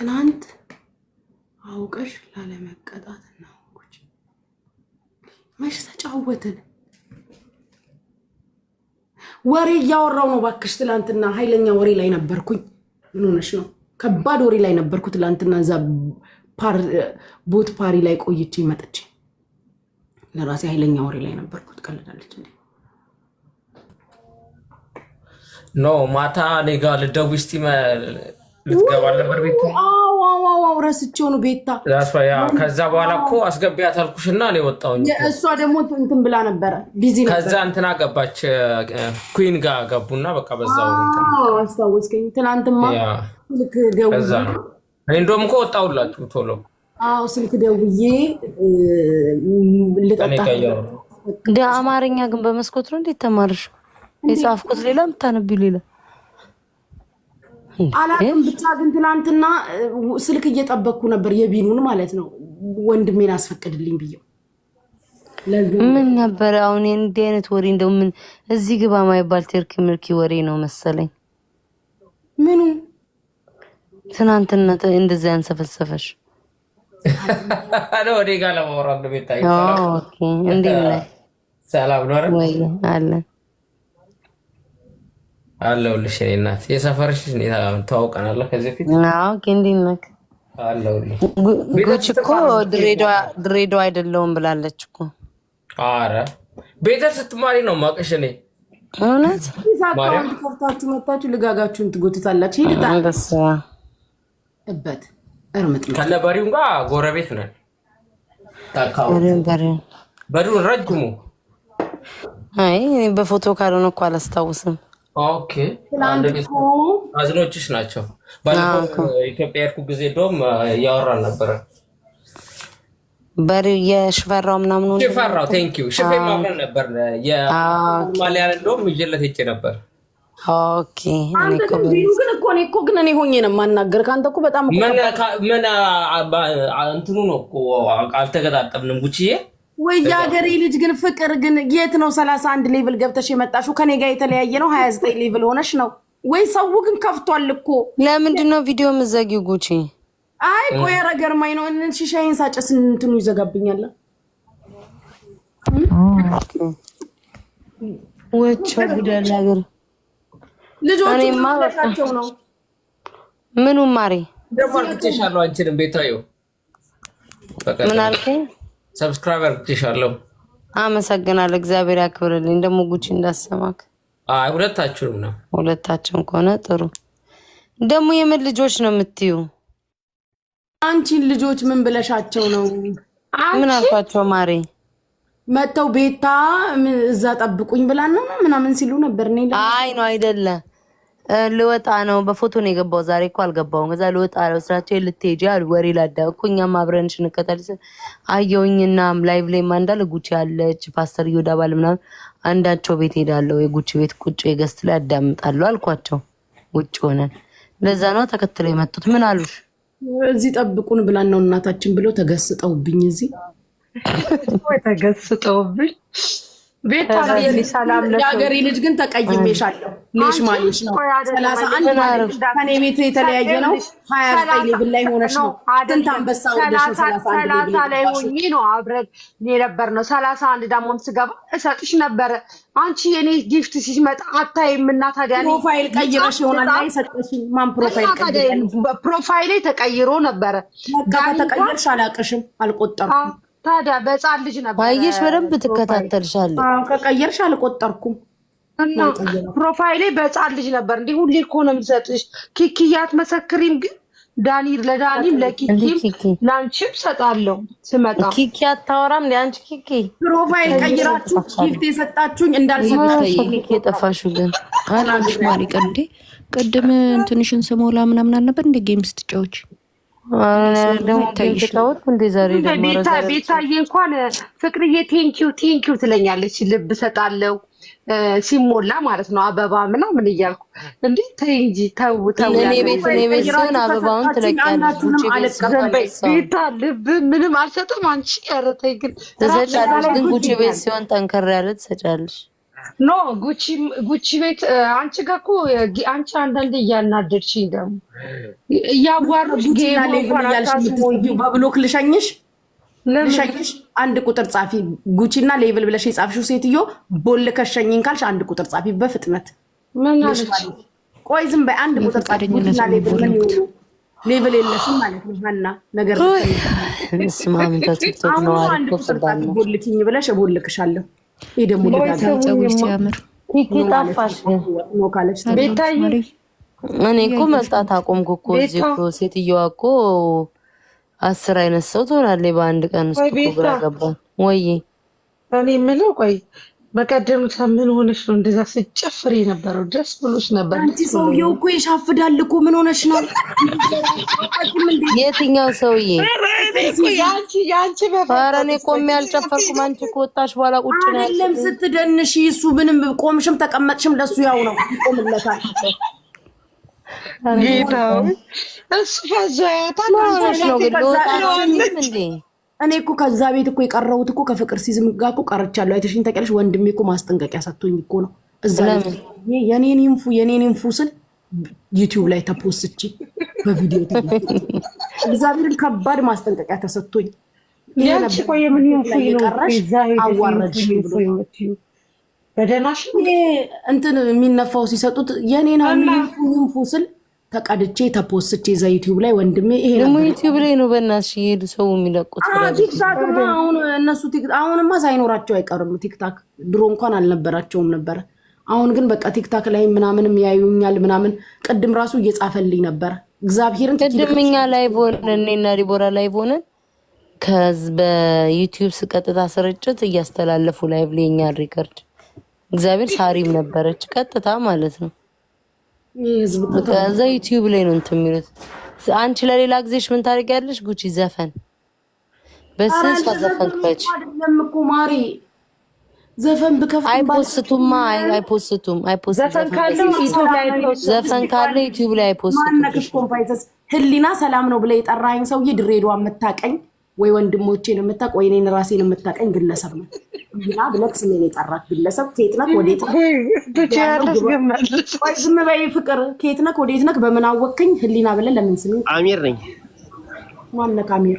ትናንት አውቀሽ ላለመቀጣት እናወቁች መች ተጫወትን። ወሬ እያወራው ነው ባክሽ። ትላንትና ኃይለኛ ወሬ ላይ ነበርኩኝ። ምን ሆነሽ ነው? ከባድ ወሬ ላይ ነበርኩ ትላንትና እዛ ቦት ፓሪ ላይ ቆይቼ መጥቼ ለራሴ ኃይለኛ ወሬ ላይ ነበርኩ። ትቀልዳለች እንዴ? ኖ ማታ እኔ ጋ ልደውይ እስቲ ረስቼው ነው ቤታ። ከዛ በኋላ እኮ አስገቢያት አልኩሽና ነው የወጣሁኝ። እሷ ደግሞ እንትን ብላ ነበረ ቢዚ ከዛ እንትና ገባች፣ ኩዊን ጋር ገቡና በቃ በዛው አስታወስከኝ። ትናንትማ ስልክ ደውዬ እንደውም እኮ ወጣሁላችሁ ቶሎ። አዎ ስልክ ደውዬ ልጠጣ። አማርኛ ግን በመስኮት ነው እንዴት ተማርሽ? የጻፍኩት ሌላ የምታነቢው ሌላ አላቅም። ብቻ ግን ትላንትና ስልክ እየጠበቅኩ ነበር፣ የቢኑን ማለት ነው። ወንድሜን አስፈቅድልኝ ብየው ምን ነበረ አሁን እንዲህ አይነት ወሬ እንደው ምን እዚህ ግባ ማይባል ቴርክ ምርኪ ወሬ ነው መሰለኝ። ምኑ ትናንትና እንደዛ ያንሰፈሰፈሽ አለ ወደ ጋር ለማውራት ነው ቤታ እንዴ ሰላም ኖረ አለን አለሁልሽ እኔ እናት። የሰፈርሽ ተዋውቀናል ከዚህ በፊት እንዴት ነህ? አለሁልሽ። ጉቺ እኮ ድሬዳዋ አይደለሁም ብላለች እኮ። አረ ቤተር ስትማሪ ነው የማውቅሽ እኔ። እውነት አካውንት ከፍታችሁ መታችሁ ልጋጋችሁን ትጎትታላችሁ። እርምጥ ከነበሪውም ጋር ጎረቤት ነን። በዱን ረጅሙ አይ በፎቶ ካልሆነ እኮ አላስታውስም። ኦኬ አዝኖችሽ ናቸው። ባለፈው ኢትዮጵያ ያልኩ ጊዜ ዶም እያወራን ነበረ። በሬ የሽፈራው ምናምኑ ሽፈራው ቴንኪዩ ሽፌ ማብረን ነበር። ማሊያ ዶም ይዤለት ሄጄ ነበር። ግን እኮ እኔ እኮ ግን እኔ ሆኜ ነው የማናገር ከአንተ እኮ በጣም ምን እንትኑ ነው እኮ አልተገጣጠምንም ጉቺዬ ወይ የሀገሬ ልጅ ግን ፍቅር ግን የት ነው? ሰላሳ አንድ ሌቭል ገብተሽ የመጣሽው ከኔ ጋር የተለያየ ነው። ሀያ ዘጠኝ ሌቭል ሆነሽ ነው ወይ? ሰው ግን ከፍቷል እኮ። ለምንድን ነው ቪዲዮ የምትዘጊው ጉቺ? አይ ቆይ ኧረ ገርማኝ ነው። ሺሻዬን ሳጨስ እንትኑ ይዘጋብኛል። ልጆቹቸው ነው ምኑም ማሬ ደሞ አልኩትሻለሁ። አንቺንም ቤታየው ምን አልከኝ? ሰብስክራይብ አድርጌሻለሁ። አመሰግናለሁ። እግዚአብሔር ያክብርልኝ። ደግሞ ጉቺ እንዳሰማክ። አይ ሁለታችሁም ነው። ሁለታችሁም ከሆነ ጥሩ። ደግሞ የምን ልጆች ነው የምትዩ? አንቺን ልጆች ምን ብለሻቸው ነው? ምን አልኳቸው? ማሬ መጥተው ቤታ እዛ ጠብቁኝ ብላ ነው ምናምን ሲሉ ነበር። አይ ነው አይደለም ልወጣ ነው። በፎቶ ነው የገባው። ዛሬ እኮ አልገባውም። እዛ ልወጣ ነው ስራቸው ልትሄጂ አሉ ወሬ ላዳ እኮ እኛም እንቀጠል ስል አየውኝና ላይቭ ላይ ማንዳል ጉቺ ያለች ፓስተር ዮዳ ባል ምናምን አንዳቸው ቤት ሄዳለሁ የጉቺ ቤት ቁጭ የገስት ላይ አዳምጣለሁ አልኳቸው። ውጭ ሆነን ለዛ ነው ተከትለው የመጡት። ምን አሉሽ? እዚህ ጠብቁን ብላን ነው እናታችን ብለው ተገስጠውብኝ፣ እዚህ ተገስጠውብኝ የሀገሬ ልጅ ግን ተቀይሜሻለሁ። ሌሽ ማሌሽ ነው ሰላሳ አንድ ማለት ከኔ ቤት የተለያየ ነው። ሀያ ዘጠኝ ሌብል ላይ ሆነሽ ነው ስንት አንበሳ ወደሽ ነው ሰላሳ ላይ ሆኜ ነው አብረን የነበር ነው። ሰላሳ አንድ ዳሞም ስገባ እሰጥሽ ነበረ። አንቺ የኔ ጊፍት ሲመጣ አታይም እና ታዲያ ፕሮፋይል ቀይረሽ ይሆናል ላይ ሰጠሽኝ። ማን ፕሮፋይል ቀይረ? ፕሮፋይሌ ተቀይሮ ነበረ። ተቀይረሽ አላቅሽም፣ አልቆጠርኩም ታዲያ በጻን ልጅ ነበር ባየሽ፣ በደንብ ትከታተልሻለች። ከቀየርሽ አልቆጠርኩም እና ፕሮፋይሌ በጻን ልጅ ነበር። እንዲህ ሁሌ እኮ ነው የምሰጥሽ ኪኪያት መሰክሪም ግን ዳኒ ለዳኒም ለኪኪም ለአንቺም ሰጣለሁ ስመጣ። ኪኪ አታወራም ለአንቺ ኪኪ ፕሮፋይል ቀይራችሁ ጊፍት የሰጣችሁኝ እንዳልሰጣችሁ የጠፋሹ ግን አላንቺ ማሪ እንዴ ቅድም እንትንሽን ስሞላ ምናምን አልነበር እንደ ጌም ስትጫዎች ቤታዬ እንኳን ፍቅርዬ ቴንኪው ቴንኪው ትለኛለች። ልብ ሰጣለው ሲሞላ ማለት ነው አበባ ምናምን እያልኩ እንዴ ተይ እንጂ ተው ተው። ቤታ ልብ ምንም አልሰጥም። አንቺ ኧረ ተይ ግን ትሰጫለሽ። ግን ጉቺ ቤት ሲሆን ጠንከር ያለ ትሰጫለሽ። ኖ ጉቺ ጉቺ ቤት አንቺ ጋር እኮ አንቺ አንዳንዴ እያናደድሽኝ ደግሞ እያዋሩጌ በብሎክ ልሸኝሽ ልሸኝሽ አንድ ቁጥር ጻፊ ጉቺና ሌብል ብለሽ የጻፍሽው ሴትዮ ቦል ከሸኝን ካልሽ አንድ ቁጥር ጻፊ በፍጥነት ቆይ ዝም በይ አንድ ቁጥር ጻፊ ጉቺና ሌብል ምን ይሆኑ ሌብል የለሽም ማለት ነው ሀና ነገር ነው አንድ ቁጥር ጻፊ ቦልኪኝ ብለሽ ቦልክሻለሁ ይህ ደግሞ ጸጉር ሲያምር እኔ እኮ መጣት አቆምኩ እኮ እዚህ እኮ ሴትዮዋ እኮ አስር አይነት ሰው ትሆናለች በአንድ ቀን ውስጥ እኮ ግራ ገባን። ወይ እኔ የምለው ቆይ በቀደም ምን ሆነሽ ነው እንደዛ ስጨፍር የነበረው? ደስ ብሎሽ ነበር። አንቺ ሰውዬው እኮ የሻፍዳል እኮ ምን ሆነሽ ነው? የትኛው ሰውዬ ኧረ እኔ ቆሜ አልጨፈርኩም። አንቺ ከወጣሽ በኋላ ቁጭ ነው አይደለም ስትደንሽ፣ እሱ ምንም ቆምሽም ተቀመጥሽም ለሱ ያው ነው ይቆምለታል። እሱ ነው እኔ እኮ ከዛ ቤት እኮ የቀረሁት እኮ ከፍቅር ሲዝም ጋር እኮ ቀርቻለሁ። አይተሽኝ ታውቂያለሽ። ወንድሜ እኮ ማስጠንቀቂያ ሰጥቶኝ እኮ ነው እዛ የኔን ኢንፉ የኔን ኢንፉ ስል ዩቲዩብ ላይ ተፖስቼ በቪዲዮ እግዚአብሔርን ከባድ ማስጠንቀቂያ ተሰጥቶኝ በደናሽ እንትን የሚነፋው ሲሰጡት የኔ ነው ይንፉ ስል ተቀድቼ ተፖስቼ እዛ ዩቲዩብ ላይ ወንድሜ ይሄ ደግሞ ዩቲዩብ ላይ ነው። በእናትሽ ይሄዱ ሰው የሚለቁት ቲክታክ። አሁን እነሱ አሁንማ ሳይኖራቸው አይቀርም ቲክታክ። ድሮ እንኳን አልነበራቸውም ነበረ። አሁን ግን በቃ ቲክታክ ላይ ምናምንም ያዩኛል ምናምን። ቅድም ራሱ እየጻፈልኝ ነበረ እግዚአብሔርን ቅድም እኛ ላይቭ ሆነን እኔና ዲቦራ ላይቭ ሆነን በዩቲዩብ ስቀጥታ ስርጭት እያስተላለፉ ላይቭ ላይ የእኛን ሪከርድ እግዚአብሔር ሳሪም ነበረች ቀጥታ ማለት ነው። ከዛ ዩቲዩብ ላይ ነው እንትን የሚሉት። አንቺ ለሌላ ጊዜሽ ምን ታደርጊያለሽ? ጉቺ ዘፈን በስንስ ዘፈን ክፈች ዘፈን ብከፍት አይፖስቱማ፣ አይፖስቱም። ዘፈን ካለ ዩቲዩብ ላይ አይፖስቱም። ህሊና ሰላም ነው ብለህ የጠራኸኝ ሰውዬ ድሬዳዋ የምታቀኝ ወይ ወንድሞቼን የምታቅ ወይ እኔን ራሴን የምታቀኝ ግለሰብ ነው። ህሊና ብለህ ስሜን የጠራህ ግለሰብ ከየት ነህ ወዴት ነህ? ዝም በይ ፍቅር። ከየት ነህ ወዴት ነህ? በምን አወቅኸኝ? ህሊና ብለህ ለምን ስሜን አሚር ነኝ። ማነህ? አሚር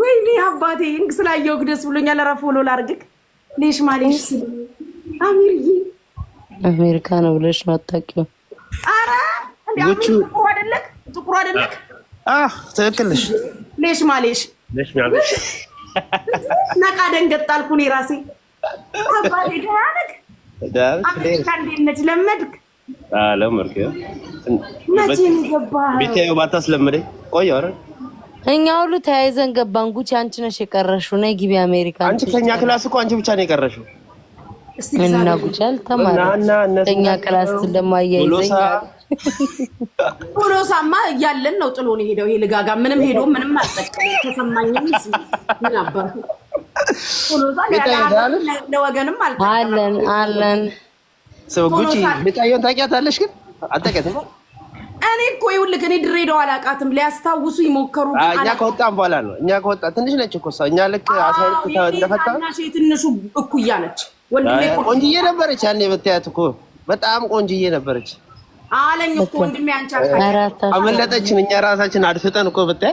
ወይኔ አባቴ ስላየው ደስ ብሎኛል። ኧረ ፎሎ ሌሽ ማሌሽ ስል አሜሪካ ነው ብለሽ ነው አታውቂውም። ኧረ እንደ አሚር ጥቁሩ አህ ትክክል ነሽ። ሌሽ ማሌሽ ሌሽ ማሌሽ ነቃ ደንገጣልኩ እኔ ራሴ። አባቴ ደህና ነህ? አሜሪካ እንዴት ነች? ለመድክ? አለም መቼ ነው ቤታዬ ባታስለምደኝ ቆየሁ። እኛ ሁሉ ተያይዘን ገባን። ጉቺ አንቺ ነሽ የቀረሽው። ነይ ግቢ አሜሪካ። አንቺ ከኛ ክላስ እኮ አንቺ ብቻ ነው የቀረሽው። እና ጉቺ አልተማረም እኛ ክላስ እንደማያይዘኝ ሎሳማ እያለን ነው ጥሎን ሄደው። ይሄ ልጋጋ ምንም ሄዶ ምንም አልጠቀም ተሰማኝም ምን አባቱ ለወገንም አለን አለን ጉቺ ብቻዬን ታውቂያታለሽ ግን አልጠቀትም እኔ እኮ ይኸውልህ እኔ ድሬዳዋ አላውቃትም። ሊያስታውሱ ይሞከሩ። እኛ ከወጣን በኋላ ነው። እኛ ከወጣ ትንሽ ነች እኮ እሷ። እኛ ልክ አስራ ሁለት እንደፈታ የትንሹ እኩያ ነች። ወንድሜ ቆንጅዬ ነበረች ያኔ ብታያት እኮ በጣም ቆንጅዬ ነበረች አለኝ እኮ ወንድሜ። አንቺ አመለጠችን። እኛ ራሳችን አድፍጠን እኮ ብታይ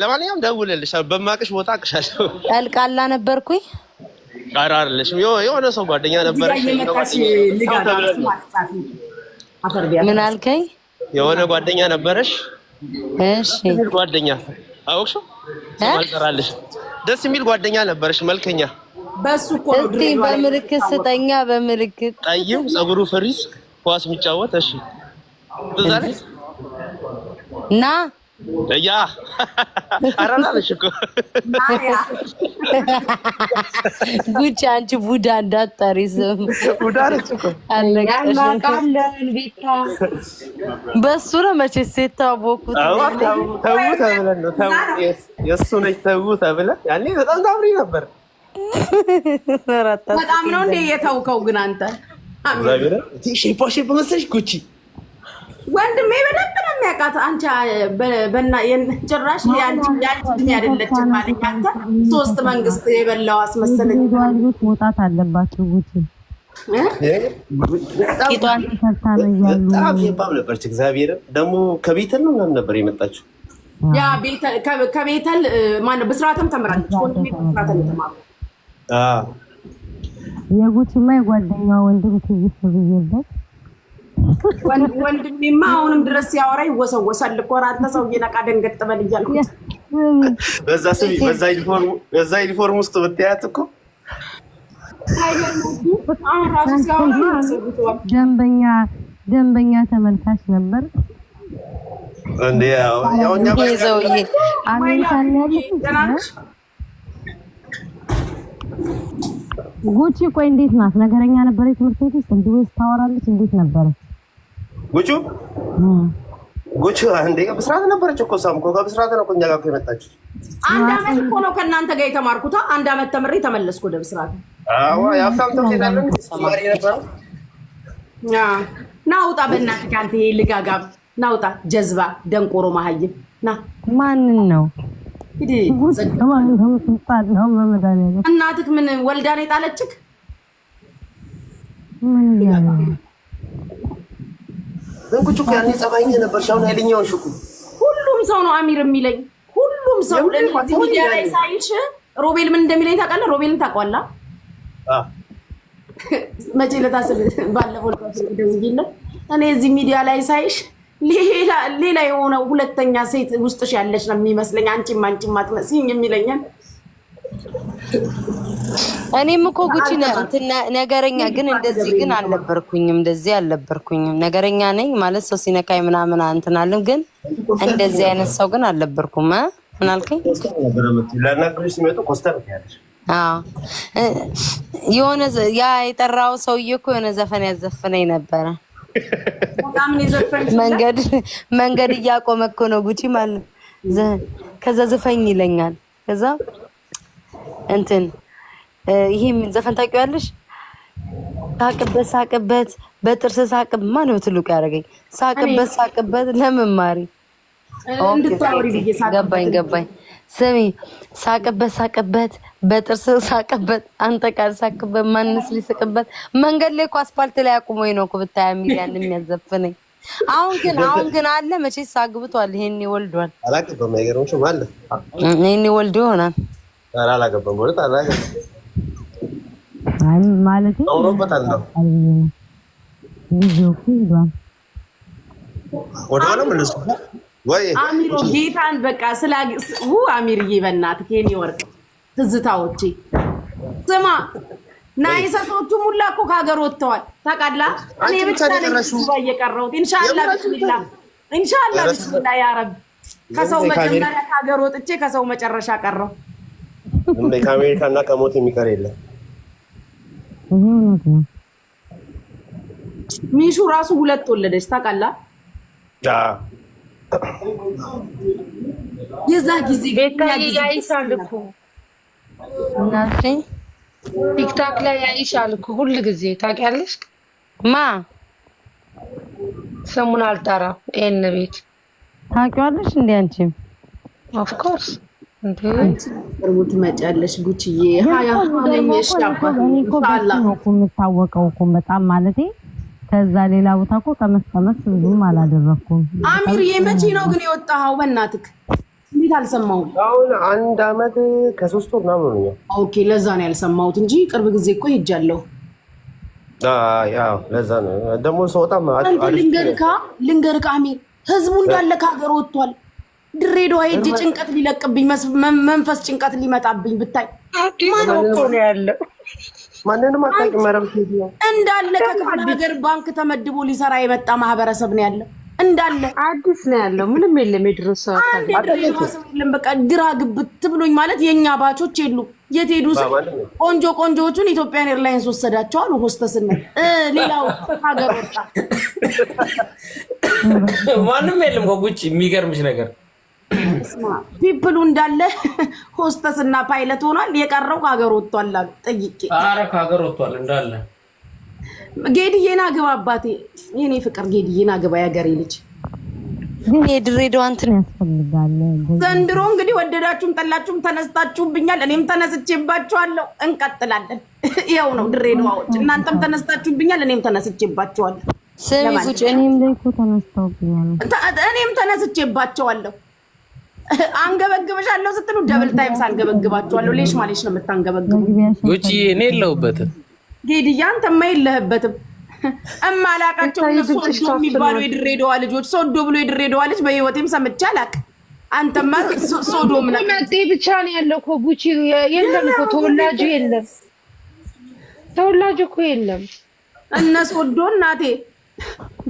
ለማንኛውም ደውልልሻለሁ። በማቅሽ ቦታ አቅሻለሁ። ቀልቃላ ነበርኩኝ። ኧረ አይደለሽም። የሆነ ሰው ጓደኛ ነበር። ምን አልከኝ? የሆነ ጓደኛ ነበረሽ። እሺ ጓደኛ አወቅሽው? አልጠራልሽ። ደስ የሚል ጓደኛ ነበረሽ፣ መልከኛ። በሱ እኮ ነው በምልክት ስጠኛ። በምልክት ጠይም፣ ፀጉሩ ፍሪዝ፣ ኳስ የሚጫወት እሺ። እና ያ ኧረ እኮ ጉቺ፣ አንቺ ቡዳ እንዳትጠሪ ስም ቡዳ ነች እኮ አለቃለን። ቤታ በእሱ ነው መቼስ የታወኩት። ተው ተብለን ነው የእሱ ነች ተው ተብለን ያኔ በጣም ታምሪ ነበር። በጣም ነው እንደ የተውከው ግን አንተ ሼፓ ሼፕ መሰለሽ ጉቺ ወንድሜ በደንብ ነው የሚያውቃት። አንቺ ጭራሽ ያንቺ እድሜ አይደለችም አለኝ። አንተ ሶስት መንግስት የበላው አስመሰለኝ። መውጣት አለባቸው ውጭ በጣም ሼፓም ነበረች። እግዚአብሔር ደግሞ ከቤተል ነው ምናምን ነበር የመጣችው። ያ ከቤተል ማነው ብስራትም ተምራለች። ብስራትም የተማሩ የጉቺማ የጓደኛ ወንድም ትይስ ብዬበት ወንድሜማ አሁንም ድረስ ሲያወራ ይወሰወሳል እኮ አንተ ሰውዬ ነቃ ደንገጥ በል እያልኩት በዛ ዩኒፎርም ውስጥ ብትያት እኮ ደንበኛ ደንበኛ ተመልካች ነበር። ጉቺ ቆይ እንዴት ናት? ነገረኛ ነበረች ትምህርት ቤት ውስጥ እንዲህ ወይስ ታወራለች? እንዴት ነበረች? ጉቹ ጉቹ አንዴ ከብስራት ነበረች እኮ ሳምኮ ከብስራት ነው እኛ ጋር እኮ የመጣችው። አንድ አመት እኮ ነው ከእናንተ ጋር የተማርኩታ። አንድ አመት ተምሬ ተመለስኩ ወደ ብስራት። የሀብታም ተው ሄዳለን ተማሪ ነበረ። ናውጣ በእናት ከአንተ ይሄ ልጋጋም ናውጣ። ጀዝባ ደንቆሮ መሀይም ና ማንን ነው እናትክ ምን ወልዳን የጣለችክ እንቁጭ ያኔ ጸባይኛ ነበርሽ፣ አሁን ኃይለኛውሽ እኮ። ሁሉም ሰው ነው አሚር የሚለኝ። ሁሉም ሰው ሚዲያ ላይ ሳይሽ ሮቤል ምን እንደሚለኝ ታውቃለህ? ሮቤልን ታውቀዋለህ? መቼ ለታስብ ባለፈው ደውዬለት እኔ እዚህ ሚዲያ ላይ ሳይሽ ሌላ የሆነ ሁለተኛ ሴት ውስጥሽ ያለች ነው የሚመስለኝ፣ አንቺም አንቺም አትመስይም የሚለኛል እኔም እኮ ጉቺ ነገረኛ ግን እንደዚህ ግን አልነበርኩኝም፣ እንደዚህ አልነበርኩኝም። ነገረኛ ነኝ ማለት ሰው ሲነካኝ ምናምን እንትናለም፣ ግን እንደዚህ አይነት ሰው ግን አልነበርኩም። ምን አልከኝ? የሆነ ያ የጠራው ሰውዬ እኮ የሆነ ዘፈን ያዘፍነኝ ነበረ። መንገድ መንገድ እያቆመ እኮ ነው ጉቺ ማለት ከዛ ዘፈኝ ይለኛል ከዛ እንትን ይሄ ምን ዘፈን ታውቂዋለሽ? ሳቅበት ሳቅበት በጥርስ ሳቅብ ማን ነው ትልቁ ያደረገኝ? ሳቅበት ሳቅበት ለምን ማሪ ገባኝ ገባኝ። ስሚ ሳቅበት ሳቅበት በጥርስ ሳቅበት አንተ ቃል ሳቅበት ማንስ ሊስቅበት መንገድ ላይ እኮ አስፓልት ላይ አቁሞኝ ነው እኮ ብታይ ሚሊያን የሚያዘፍነኝ። አሁን ግን አሁን ግን አለ መቼ ይሄን መቼስ አግብቷል። ይሄኔ ወልዷል። ይሄን ይወልዱ ይሆናል ኧረ አላገባም በእውነት አላገባም። ማለቴ አውሮበታለሁ ልጆቹ ወደኋላ መለሱ ወይ አሚሮ ጌታን በቃ ስላ ው አሚርዬ በእናትህ የኔ ወርቅ ትዝታዎቼ ስማ ናይሰቶቹ ሙላ እኮ ከሀገር ወጥተዋል። ታውቃለህ እኔ ብቻ ነኝ እየቀረሁት። ኢንሻላህ ብስሚላ ኢንሻላህ ብስሚላ ያ ከሰው መጀመሪያ ከሀገር ወጥቼ ከሰው መጨረሻ ቀረሁ። ከአሜሪካ እና ከሞት የሚቀር የለም። ሚሹ ራሱ ሁለት ወለደች ታውቃላ የዛ ጊዜ እናቴ ቲክታክ ላይ ያይሻል እኮ ጊዜ ታውቂያለሽ። ማ ስሙን አልጠራም። ይሄን ቤት ታውቂዋለሽ እንዴ አንቺም ኦፍኮርስ ቅርቡ ትመጪያለሽ ጉችዬ የሚታወቀው እኮ በጣም ማለቴ ከዛ ሌላ ቦታ እኮ ከመስቀመስ ብዙም አላደረኩም። አሚርዬ መቼ ነው ግን የወጣኸው? በእናትህ እንዴት አልሰማሁም? አሁን አንድ አመት ከሶስት ወር ምናምን ሆኖኛል። ኦኬ፣ ለዛ ነው ያልሰማሁት እንጂ ቅርብ ጊዜ እኮ ሄጃለሁ። ለዛ ነው ደግሞ ሰውጣም ልንገርካ ልንገርካ አሚር ህዝቡ እንዳለ ከሀገር ወጥቷል። ድሬዳዋ ሄጄ ጭንቀት ሊለቅብኝ መንፈስ ጭንቀት ሊመጣብኝ ብታይ ማንንም እንዳለ ከክፍለ ሀገር ባንክ ተመድቦ ሊሰራ የመጣ ማህበረሰብ ነው ያለው። እንዳለ አዲስ ነው ያለው። ምንም የለም። የድሮ ሰው የለም። በቃ ግራ ግብት ብሎኝ ማለት የእኛ ባቾች የሉ የት ሄዱ? ቆንጆ ቆንጆዎቹን ኢትዮጵያን ኤርላይንስ ወሰዳቸው አሉ። ሆስተስነት ሌላው ሀገር ወጣ። ማንም የለም ከጉች የሚገርምሽ ነገር ፒፕሉ እንዳለ ሆስተስ እና ፓይለት ሆኗል። የቀረው ከሀገር ወጥቷል አሉ ጠይቄ። ኧረ ከሀገር ወጥቷል እንዳለ። ጌድዬን አግባ አባቴ፣ የኔ ፍቅር ጌድዬን አግባ የሀገሬ ልጅ። የድሬዳዋ እንትን ያስፈልጋል። ዘንድሮ እንግዲህ ወደዳችሁም ጠላችሁም ተነስታችሁብኛል፣ እኔም ተነስቼባችኋለሁ። እንቀጥላለን። ይኸው ነው ድሬዳዋዎች፣ እናንተም ተነስታችሁብኛል፣ እኔም ተነስቼባችኋለሁ። ስሚ ጉጭ፣ እኔም ላይ እኔም ተነስቼባቸዋለሁ። አንገበግበሻለሁ ስትሉ ደብል ታይምስ አንገበግባችኋለሁ። ሌሽ ማሌሽ ነው የምታንገበግቡ። ጉቺ እኔ የለሁበትም፣ ጌድያ አንተማ የለህበትም። እማላቃቸው እነሱ ሶዶ የሚባሉ የድሬዳዋ ልጆች ሶዶ ብሎ የድሬዳዋ ልጅ በህይወቴም ሰምቼ አላቅም። አንተማ ሶዶም ነው። መጤ ብቻ ነው ያለው እኮ ጉቺ። የለም እኮ ተወላጁ የለም፣ ተወላጁ እኮ የለም። እነ ሶዶ እናቴ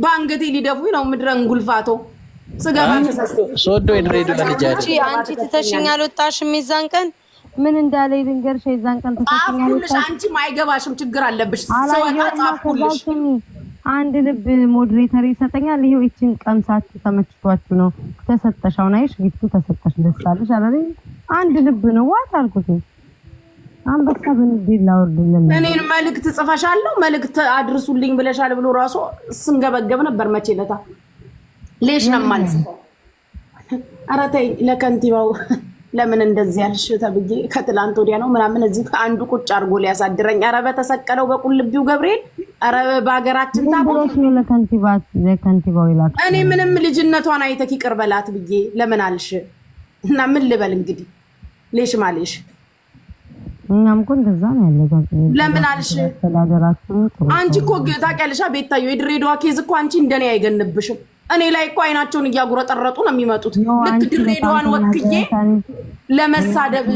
በአንገቴ ሊደፉኝ ነው ምድረን ጉልፋቶ ሶዶ የድሬዳዋ ልጅ አይደል? አንቺ ትተሽኝ አልወጣሽም። የዛን ቀን ምን እንዳለ ልንገርሽ። የዛን ቀን ተሳፍኩልሽ። አንቺም አይገባሽም፣ ችግር አለብሽ። ጻፍኩልሽ። አንድ ልብ ሞዴሬተር ይሰጠኛል። ይሄው እቺን ቀምሳችሁ ተመችቷችሁ ነው ተሰጠሽ። አሁን አይሽ ግፍቱ ተሰጠሽ፣ ደስ አላለኝ። አንድ ልብ ነው ዋት አልኩት። አንበሳ በንዴት ላወርድልን። እኔን መልእክት ጽፈሻለሁ፣ መልእክት አድርሱልኝ ብለሻል ብሎ ራሱ ስንገበገብ ነበር መቼለታ ሌሽ ነው የማልጽፈው። ኧረ ተይ ለከንቲባው ለምን እንደዚህ ያልሽ ተብዬ ከትላንት ወዲያ ነው ምናምን እዚህ አንዱ ቁጭ አድርጎ ሊያሳድረኝ። ኧረ በተሰቀለው በቁልቢው ገብርኤል፣ ኧረ በሀገራችን ታቦት ይላል። እኔ ምንም ልጅነቷን አይተህ ይቅር በላት ብዬ ለምን አልሽ? እና ምን ልበል እንግዲህ ሌሽ ማሌሽ እኛም እኮ እንደዛ ነው ያለ። ለምን አልሽ? አንቺ እኮ ታውቂያለሽ ቤታዬ፣ የድሬዳዋ ኬዝ እኮ አንቺ እንደኔ አይገንብሽም። እኔ ላይ እኮ አይናቸውን እያጉረጠረጡ ነው የሚመጡት። ልክ ድሬዳዋን ወክዬ ለመሳደብ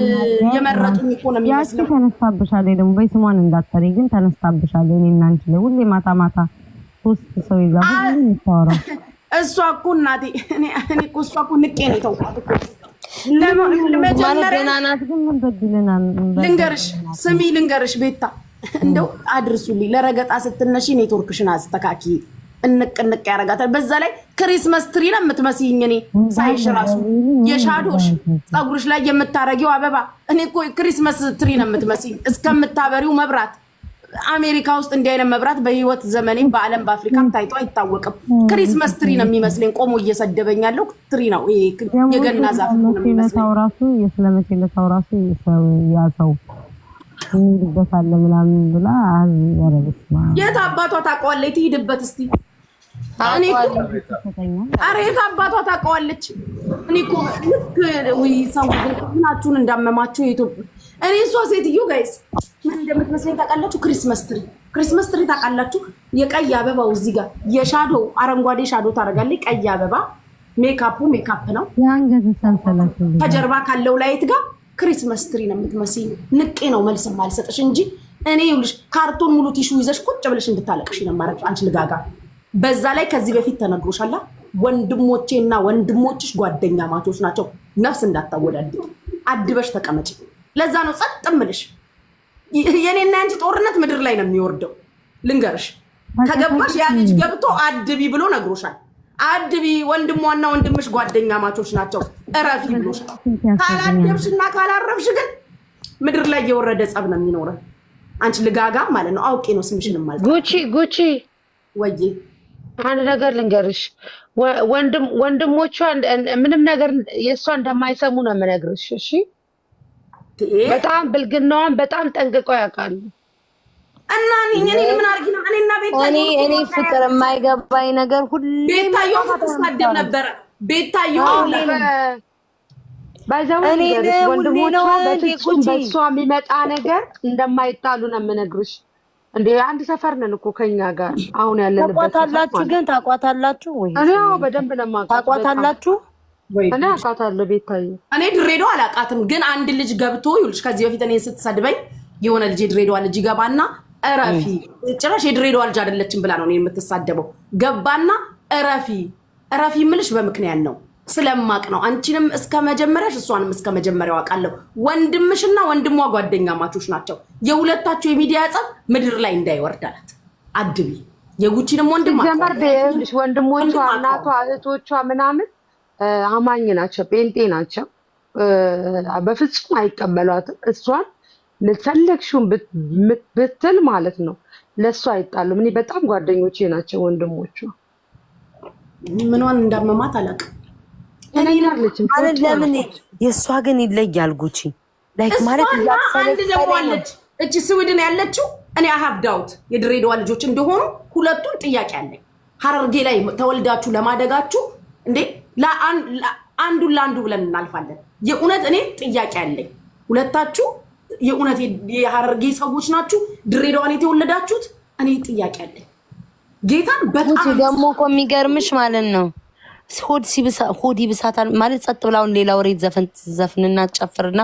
የመረጡኝ እኮ ነው የሚመስለው። ተነስታብሻል ደግሞ በስሟን እንዳትጠሪ ግን ተነስታብሻል። እኔ እና አንቺ ሁሌ ማታ ማታ ሶስት ሰው ይዛ ታወራ። እሷ እኮ እናቴ እኔ እኮ እሷ እኮ ንቄ ነው የተውኳት እኮ ልንገርሽ ስሚ ልንገርሽ ቤታ እንደው አድርሱልኝ። ለረገጣ ስትነሺ ኔትወርክሽን አስተካኪ እንቅ እንቅ ያደርጋታል። በዛ ላይ ክሪስመስ ትሪ ነው የምትመስይኝ እኔ ሳይሽ ራሱ የሻዶሽ ፀጉርሽ ላይ የምታረጊው አበባ እኔ እኮ ክሪስመስ ትሪ ነው የምትመስይኝ እስከምታበሪው መብራት። አሜሪካ ውስጥ እንዲህ አይነት መብራት በህይወት ዘመኔ በዓለም በአፍሪካም ታይቶ አይታወቅም። ክሪስመስ ትሪ ነው የሚመስለኝ። ቆሞ እየሰደበኝ ያለው ትሪ ነው፣ የገና ዛፍ ነው የሚመስለኝ። ራሱ ያሰው ምናምን ብላ የት አባቷ ታውቀዋለች? ትሂድበት እስቲ ኧረ አባቷ ታውቀዋለች። ምናችሁን እንዳመማችሁ የኢትዮጵያ እኔ እሷ ሴትዮ ጋይስ ምን እንደምትመስለኝ ታውቃላችሁ? ክሪስመስ ትሪ ክሪስመስ ትሪ ታውቃላችሁ? የቀይ አበባው እዚህ ጋር የሻዶ አረንጓዴ ሻዶ ታደርጋለች። ቀይ አበባ ሜካፑ ሜካፕ ነው። ከጀርባ ካለው ላይት ጋር ክሪስመስ ትሪ ነው የምትመስይኝ። ንቄ ነው መልስ ማልሰጥሽ እንጂ እኔ ይኸውልሽ፣ ካርቶን ሙሉ ቲሹ ይዘሽ ቁጭ ብለሽ እንድታለቅሽ ነው የማደርግሽ አንቺ ልጋጋ በዛ ላይ ከዚህ በፊት ተነግሮሻላ። ወንድሞቼ እና ወንድሞችሽ ጓደኛ ማቾች ናቸው። ነፍስ እንዳታወዳድ አድበሽ ተቀመጭ። ለዛ ነው ጸጥ ምልሽ። የኔና ያንቺ ጦርነት ምድር ላይ ነው የሚወርደው። ልንገርሽ ከገባሽ ያ ልጅ ገብቶ አድቢ ብሎ ነግሮሻል። አድቢ ወንድሟና ወንድምሽ ጓደኛ ማቾች ናቸው እረፊ ብሎሻል። ካላደብሽ እና ካላረፍሽ ግን ምድር ላይ የወረደ ጸብ ነው የሚኖረን። አንቺ ልጋጋ ማለት ነው። አውቄ ነው ስምሽን ማለት ጉቺ ጉቺ ወዬ አንድ ነገር ልንገርሽ፣ ወንድሞቿ ምንም ነገር የእሷ እንደማይሰሙ ነው የምነግርሽ። እሺ፣ በጣም ብልግናዋን በጣም ጠንቅቀው ያውቃሉ። እና እኔ ፍቅር የማይገባኝ ነገር ሁሌ ቤታዮ ትሳደብ ነበረ። ቤታዮ ወንድሞቿ በእሷ የሚመጣ ነገር እንደማይጣሉ ነው የምነግርሽ። እንዴ አንድ ሰፈር ነን እኮ ከኛ ጋር አሁን ያለንበት። ታቋታላችሁ ግን ታቋታላችሁ ወይ? እኔ ያው በደንብ ነው የማውቃት። ታቋታላችሁ? እኔ አውቃታለሁ። ቤታዬ እኔ ድሬዳዋ አላውቃትም፣ ግን አንድ ልጅ ገብቶ ይኸውልሽ፣ ከዚህ በፊት እኔ ስትሰድበኝ የሆነ ልጅ የድሬዳዋ ልጅ ይገባና እረፊ፣ ጭራሽ የድሬዳዋ ልጅ አይደለችም ብላ ነው እኔ የምትሳደበው። ገባና እረፊ እረፊ የምልሽ በምክንያት ነው ስለማቅ ነው። አንቺንም እስከ መጀመሪያሽ እሷንም እስከ መጀመሪያው አውቃለሁ። ወንድምሽና ወንድሟ ጓደኛ ማቾች ናቸው። የሁለታቸው የሚዲያ ጸብ ምድር ላይ እንዳይወርድ አላት አድቢ። የጉቺንም ወንድም ሲጀመርሽ ወንድሞቿ፣ እናቷ፣ እህቶቿ ምናምን አማኝ ናቸው፣ ጴንጤ ናቸው። በፍጹም አይቀበሏትም። እሷን ልፈለግሽውን ብትል ማለት ነው ለእሱ አይጣሉም። እኔ በጣም ጓደኞቼ ናቸው ወንድሞቿ። ምኗን እንዳመማት አላውቅም። ማለት ለምን የእሷ ግን ይለያል። ጉቺ ላይክ ማለት አንድ ደግሞ አለች እቺ ስዊድን ያለችው እኔ አሀብ ዳውት የድሬዳዋ ልጆች እንደሆኑ ሁለቱን ጥያቄ አለኝ። ሀረርጌ ላይ ተወልዳችሁ ለማደጋችሁ እንዴ አንዱን ለአንዱ ብለን እናልፋለን። የእውነት እኔ ጥያቄ አለኝ። ሁለታችሁ የእውነት የሀረርጌ ሰዎች ናችሁ? ድሬዳዋን የተወለዳችሁት? እኔ ጥያቄ አለኝ። ጌታን በጣም ደግሞ እኮ የሚገርምሽ ማለት ነው ሆድ ሆድ ይብሳታል ማለት ጸጥ ብላውን ሌላ ወሬ ዘፈን ዘፍንና ጨፍርና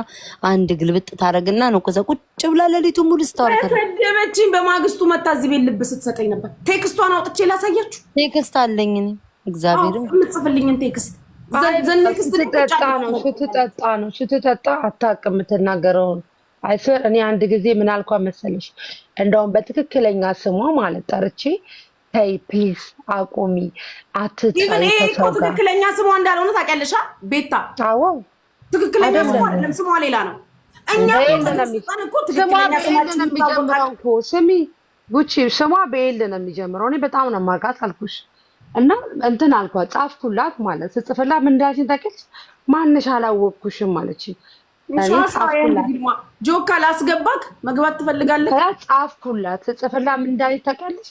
አንድ ግልብጥ ታደረግና ነው። ከዛ ቁጭ ብላ ሌሊቱን ሙሉ ስታወራለች። ሰደበችኝ። በማግስቱ መታዝብ ልብ ስትሰጠኝ ነበር። ቴክስቷን አውጥቼ ላሳያችሁ። ቴክስት አለኝ እግዚአብሔር የምጽፍልኝን ቴክስት ስትጠጣ ነው ስትጠጣ ነው ስትጠጣ አታውቅም የምትናገረውን አይስበር። እኔ አንድ ጊዜ ምን አልኳ መሰለሽ? እንደውም በትክክለኛ ስሟ ማለት ጠርቼ ተይ ፕሊዝ አቁሚ፣ አትታይ። ትክክለኛ ስሟ እንዳልሆነ ታውቂያለሽ። ቤታ አዎ፣ ትክክለኛ ስሟ አይደለም፣ ስሟ ሌላ ነው። እኛ ስሚ ጉቺ፣ ስሟ በኤል ነው የሚጀምረው። እኔ በጣም ነው የማውቃት አልኩሽ፣ እና እንትን አልኳት፣ ጻፍኩላት ማለት ስጽፍላት ምን እንዳለችኝ ታውቂያለሽ? ማንሽ አላወቅኩሽም አለችኝ። ጆካ ላስገባክ መግባት ትፈልጋለች። ጻፍኩላት፣ ስጽፍላት ምን እንዳለች ታውቂያለሽ?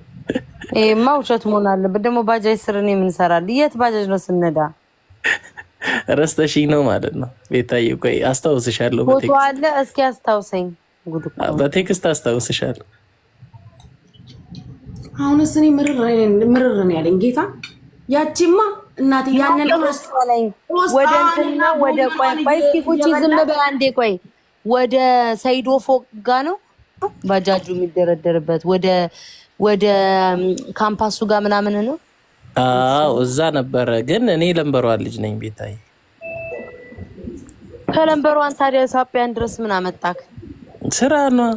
ይሄማ ውሸት መሆን አለበት። ደግሞ ባጃጅ ስር እኔ ምን እሰራለሁ? የት ባጃጅ ነው ስነዳ? ረስተሽኝ ነው ማለት ነው። ቤታዬ ቆይ አስታውስሻለሁ። ፎቶ አለ፣ እስኪ አስታውሰኝ። በቴክስት አስታውስሻለሁ። አሁንስ እኔ ምርር ነው ያለኝ ጌታ። ያቺማ እናቴ ያንን መሰለኝ ወደ እንትና ወደ ቆይ ቆይ፣ እስኪ ቁጭ ዝም በይ አንዴ። ቆይ ወደ ሰይዶ ፎቅ ጋ ነው ባጃጁ የሚደረደርበት ወደ ወደ ካምፓሱ ጋር ምናምን ነው። አዎ እዛ ነበረ። ግን እኔ ለንበሯ ልጅ ነኝ ቤታዬ። ከለንበሯን ታዲያ ሳቢያን ድረስ ምን አመጣክ? ስራ ነው።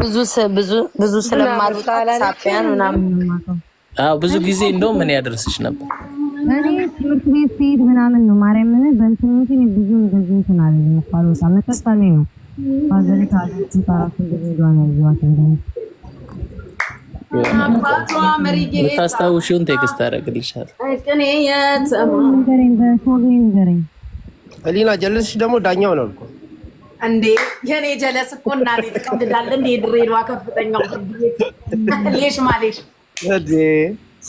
ብዙ ብዙ ብዙ ምናምን። ብዙ ጊዜ እንደው ምን ያደርስች ነበር ትምህርት ቤት ስሄድ ምናምን ነው ማርያምን በእንትን እንትን ብዙ እንደዚህ እንትን አለ ነው አዘሪት አለች ታራኩ እንደሚሏን ያዩዋት እንደሆነ ቴክስት አደረግልሻል። ሊና ጀለስሽ ደግሞ ዳኛው ነው እኮ እንዴ! የኔ ጀለስ እኮ እናቴ ትቀልዳለህ እንዴ! ድሬዳዋ ከፍተኛው ሌሽ ማሌሽ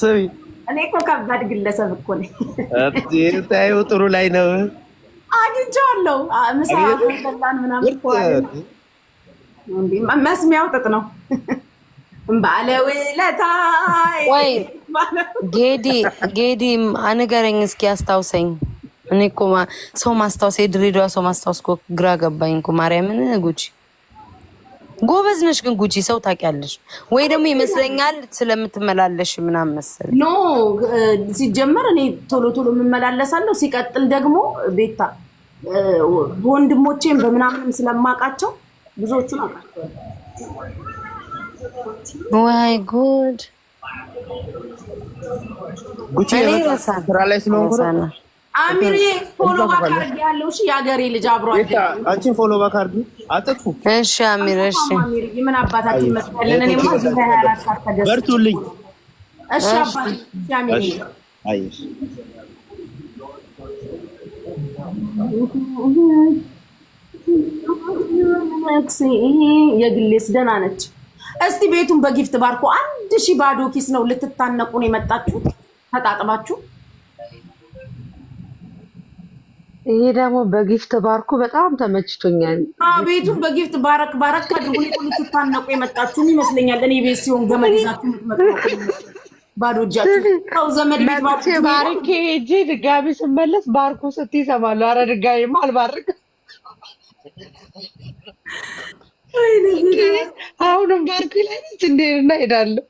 ስሚ፣ እኔ እኮ ከባድ ግለሰብ እኮ ነኝ። ጥሩ ላይ ነው አግኝቼዋለሁ። ምሳ በላን ምናምን መስሚያው ጥጥ ነው። ባለውለታይ ጌዲ ጌዲ እስኪ አስታውሰኝ። እኔ እኮ ሰው ማስታወስ የድሬዳዋ ሰው ማስታወስ ግራ ገባኝ እኮ ማርያምን ጉቺ ጎበዝ ነሽ ግን ጉቺ ሰው ታውቂያለሽ ወይ? ደግሞ ይመስለኛል ስለምትመላለሽ ምናምን መሰለኝ። ኖ ሲጀመር እኔ ቶሎ ቶሎ የምመላለሳለሁ። ሲቀጥል ደግሞ ቤታ ወንድሞቼም በምናምንም ስለማውቃቸው ብዙዎቹ ናቃቸው ዋይ ጉድ ጉቺ ስራ ላይ ስለሆንኩ አሚሬ ፎሎ ባካርድ ያለው እሺ፣ የሀገሬ ልጅ አብሮ አለ። አንቺን ፎሎ ባካርድ አድርጊ እሺ አሚሬ፣ እሺ ምን አባታችን መስለን እኔ ማ በርቱልኝ። እሺ አሚሬ የግሌስ ደህና ነች። እስቲ ቤቱን በጊፍት ባርኮ አንድ ሺህ ባዶ ኪስ ነው ልትታነቁን የመጣችሁት ተጣጥባችሁ ይሄ ደግሞ በጊፍት ባርኩ በጣም ተመችቶኛል። ቤቱን በጊፍት ባረክ ባረክ አድርጎ ልትታነቁ የመጣችሁም ይመስለኛል። እኔ ቤት ሲሆን ገመድ ይዛችሁ ባዶ እጃችሁ ዘመድ ቤት ባርኬ ሄጄ ድጋሚ ስመለስ ባርኩ ስት ይሰማሉ። አረ ድጋሚ አልባርክም። አሁንም ባርኩ ላይ እንዴና ሄዳለሁ።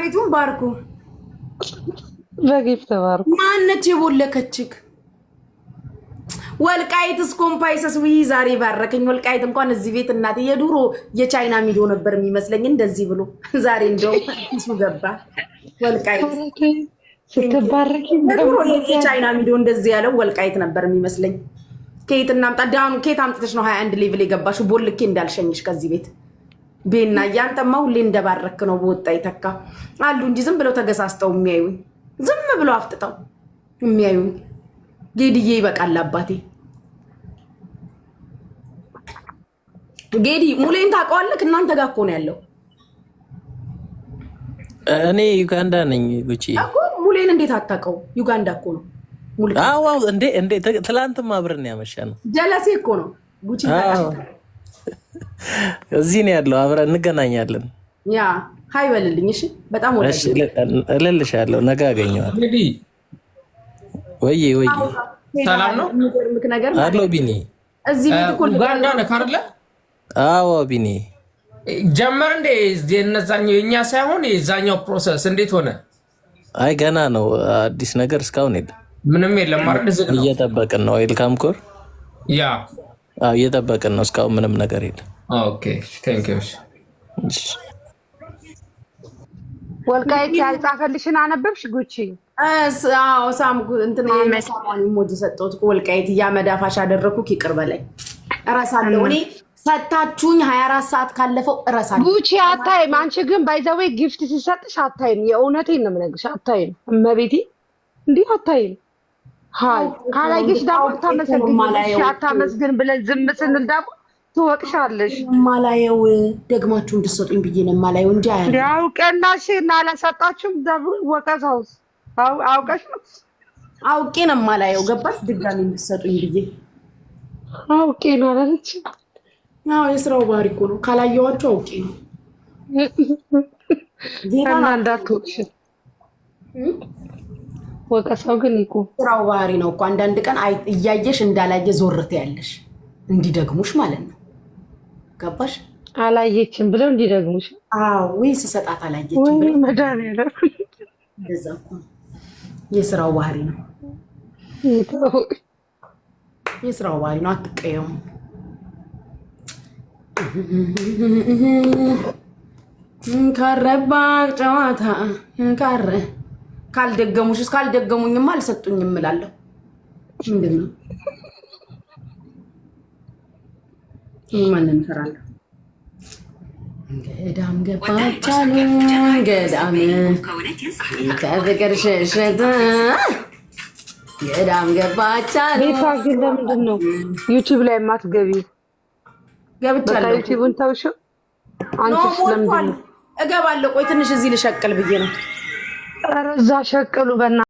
ቤቱን ባርኩ በጊፍት ባርኩ ማነች የቦለከችግ ወልቃይት እስኮምፓይሰስ ዊ ዛሬ ባረከኝ። ወልቃይት እንኳን እዚህ ቤት እናት የዱሮ የቻይና ሚዶ ነበር የሚመስለኝ እንደዚህ ብሎ ዛሬ እንደው እሱ ገባ ወልቃይት የቻይና ሚዶ እንደዚህ ያለው ወልቃይት ነበር የሚመስለኝ። ከየት እናምጣ ዳኑ? ከየት አምጥተሽ ነው ሀያ አንድ ሌቭል የገባሽው? ቦልኬ እንዳልሸኝሽ ከዚህ ቤት ቤና እያንተማ ሁሌ እንደባረክ ነው በወጣ ይተካ አሉ እንጂ ዝም ብለው ተገሳስጠው የሚያዩኝ ዝም ብለው አፍጥጠው የሚያዩኝ ጌድዬ ይበቃል አባቴ። ጌዲ ሙሌን ታውቀዋለህ? እናንተ ጋር እኮ ነው ያለው። እኔ ዩጋንዳ ነኝ። ጉቺ እኮ ሙሌን እንዴት አታውቀው? ዩጋንዳ እኮ ነው። አዎ እንዴ እንዴ፣ ትላንትም አብረን ያመሻ ነው። ጀለሴ እኮ ነው ጉቺ። እዚህ ነው ያለው። አብረን እንገናኛለን። ያ ሀይ በልልኝ። እሺ፣ በጣም እልልሻለሁ። ነገ አገኘዋለሁ። ወይ ወይ ሰላም ነው ነገር አለው ቢኒ እዚህ ቤት እኮ ኡጋንዳ ነህ አይደለ? አዎ ቢኒ ጀመር እንዴ? የነዛኛው የእኛ ሳይሆን የዛኛው ፕሮሰስ እንዴት ሆነ? አይ ገና ነው። አዲስ ነገር እስካሁን የለም፣ ምንም የለም። እየጠበቅን ነው። ኤልካም ኮር ያ እየጠበቅን ነው። እስካሁን ምንም ነገር የለም። ኦኬ ቴንክ ዩ ወልቃይት ያልጻፈልሽን አነበብሽ? ጉቺ ሳም እንትሳማን ሞድ ሰጠሁት። ወልቃይት እያመዳፋሽ አደረግኩ። ይቅር በለኝ እረሳለሁ። እኔ ሰታችሁኝ ሀያ አራት ሰዓት ካለፈው እረሳለሁ። ጉቺ አታይም። አንቺ ግን ባይዘዌ ጊፍት ሲሰጥሽ አታይም። የእውነቴን ነው የምነግርሽ፣ አታይም። እመቤቴ እንዲህ አታይም። ሀይ ካላየሽ ዳቦ አታመስግን ብለን ዝም ስንል ዳቦ ትወቅሻለሽ። ማላየው ደግማችሁ እንድሰጡኝ ብዬ ነው ማላየው እንጂ አውቀናሽ እና አላሰጣችሁም። ደብሩ ወቀሳውስ አውቀሽ ነው አውቄ ነው ማላየው ገባሽ። ድጋሚ እንድሰጡኝ ብዬ አውቄ ነው አላለች። አዎ የስራው ባህሪ እኮ ነው። ካላየዋቸው አውቄ ነው ወቀሳው ግን ይቁ ስራው ባህሪ ነው እኮ። አንዳንድ ቀን እያየሽ እንዳላየ ዞርት ያለሽ እንዲደግሙሽ ማለት ነው። ገባሽ? አላየችም ብለው እንዲደግሙሽ ወይ ስሰጣት አላየችም መድኃኒዓለም እንደዛ እኮ የስራው ባህሪ ነው። የስራው ባህሪ ነው። አትቀየሙ። ካረባ ጨዋታ ካረ ካልደገሙሽ ካልደገሙኝም አልሰጡኝም እላለሁ ምንድን ነው ማንን እንፈራለን? ገዳም ገባች አለ ገዳም ከፍቅር ሸሸተ ገዳም ገባች ቤታ ግን ለምንድን ነው ዩቲዩብ ላይ የማትገቢው? ገብቻለሁ። ዩቲዩብን ተውሽው። አንቺስ ለምንድን ነው? እገባለሁ። ቆይ ትንሽ እዚህ ልሸቅል ብዬ ነው። ኧረ እዛ ሸቅሉ በእናትህ